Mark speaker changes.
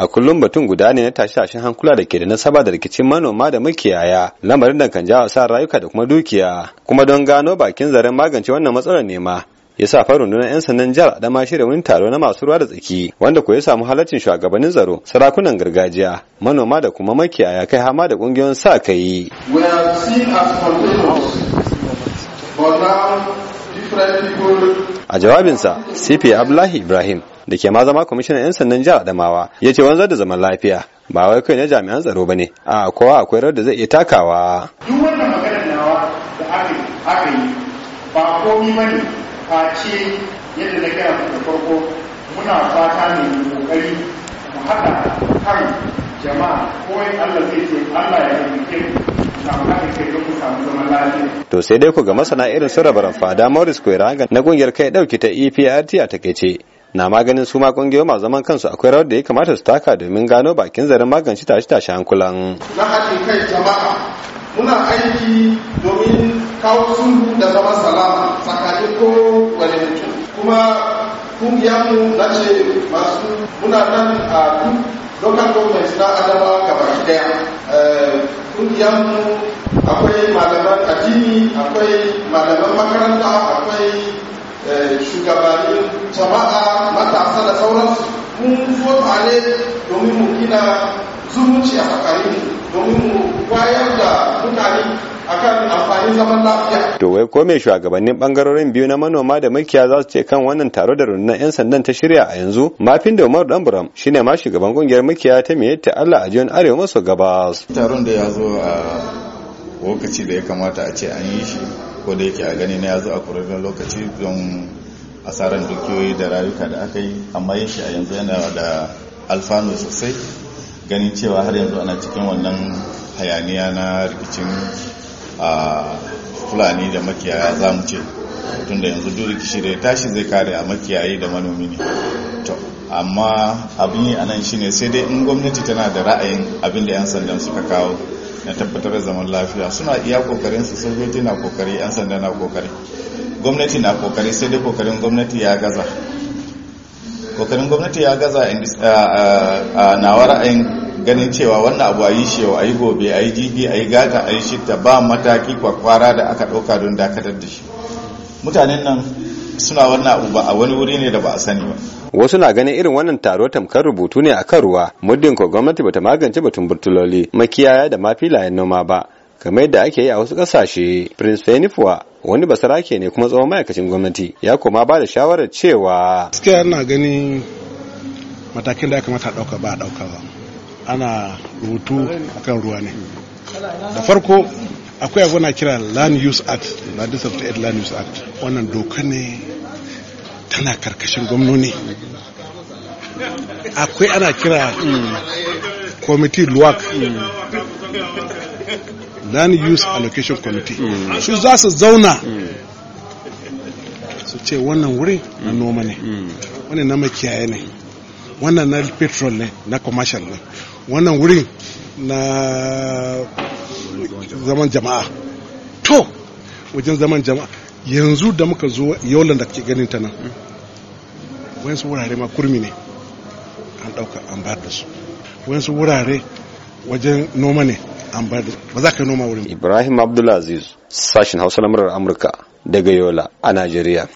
Speaker 1: a kullum batun guda ne na tashe-tashen hankula da ke da nasaba da rikicin manoma da makiyaya lamarin da kan jawo sa rayuka da kuma dukiya kuma don gano bakin zaren magance wannan matsalar nema. ya sa fa rundunar 'yan sannan jihar adama shirya wani taro na masu ruwa da tsaki wanda ko ya samu halaccin shugabannin tsaro sarakunan gargajiya manoma da kuma makiyaya kai hama da kungiyoyin sa kai a jawabinsa cp abdullahi ibrahim da ke ma zama kwamishinan 'yan sannan jihar Adamawa ya ce wanzar da zaman lafiya ba wai kai na jami'an tsaro ba ne a kowa akwai rar da zai iya takawa.
Speaker 2: Duk wannan maganar nawa da aka yi ba komi ba ne a ce yadda na gaya da farko muna fata ne kokari mu haɗa kan jama'a ko kawai Allah zai ce Allah
Speaker 1: ya yi To sai dai ku ga masana irin su rabaran fada Morris Koiranga na kungiyar kai dauki ta EPRT a takaice na maganin su ma kungiyoyi masu zaman kansu akwai rawar da ya kamata su taka domin gano bakin zarin magance tashi tashi hankulan na
Speaker 2: haɗin kai jama'a muna aiki domin kawo sulhu da zaman salama tsakanin ko wani mutum kuma kungiyarmu na ce masu muna nan a duk local government na adama gabaki daya kungiyarmu eh, akwai malaman addini akwai malaman makaranta akwai eh, shugabannin jama'a sauransu mun zo tare domin mu gina zumunci a tsakani domin mu bayar da mutane akan amfanin zaman lafiya.
Speaker 1: To wai ko shugabannin bangarorin biyu na manoma da makiya za su ce kan wannan taro da rundunar 'yan sandan ta shirya a yanzu? Mafin da Umar Danburam shine ma shugaban kungiyar makiya ta yadda Allah a jihar Arewa maso gabas.
Speaker 3: Taron da ya zo a lokaci da ya kamata a ce an yi shi ko da yake a gani na ya zo a kurar lokaci don hasaran dukiyoyi da rayuka da aka yi amma yin shi a yanzu yana da alfanu sosai ganin cewa har yanzu ana cikin wannan hayaniya na rikicin fulani da makiyaya za mu ce tunda yanzu duk rikici da ya tashi zai kare a makiyayi da manomi ne to amma abin yi anan shine sai dai in gwamnati tana da ra'ayin abin da 'yan sandan suka kawo na tabbatar da zaman lafiya suna iya kokarin su sojoji na kokari 'yan sanda na kokari gwamnati na kokari sai dai kokarin gwamnati ya gaza kokarin gwamnati ya gaza a nawa ra'ayin ganin cewa wannan abu a yi shewa a yi gobe a yi jibi a yi gata a yi shita ba mataki kwakwara da aka ɗauka don dakatar da shi mutanen nan suna wannan abu ba a wani wuri ne da ba a sani ba
Speaker 1: wasu na ganin irin wannan taro tamkar rubutu ne a kan ruwa muddin ko gwamnati bata magance batun burtuloli makiyaya da ma filayen noma ba kamar yadda ake yi a wasu kasashe prince fenifuwa wani basarake ne kuma tsawon ma'aikacin gwamnati ya koma ba da shawarar cewa
Speaker 2: gaskiya ina ganin matakin da ya kamata a dauka ba a dauka ba ana rubutu akan ruwa ne da farko akwai abu na kira land use act na district land use act wannan doka ne tana karkashin gwamnoni akwai ana kira committee luwak land use allocation committee su za su zauna su ce wannan wuri na noma ne wannan na makiyaye ne wannan na petrol ne na commercial ne wannan wuri na zaman jama'a to wajen zaman jama'a yanzu da muka zo yaulan da ke ganin ta nan su wurare ma kurmi ne an ɗauka an ba da su wasu wurare wajen noma ne an ba za ka noma wurin ibrahim
Speaker 1: abdulaziz Sashen hausa na murar amurka daga yola a najeriya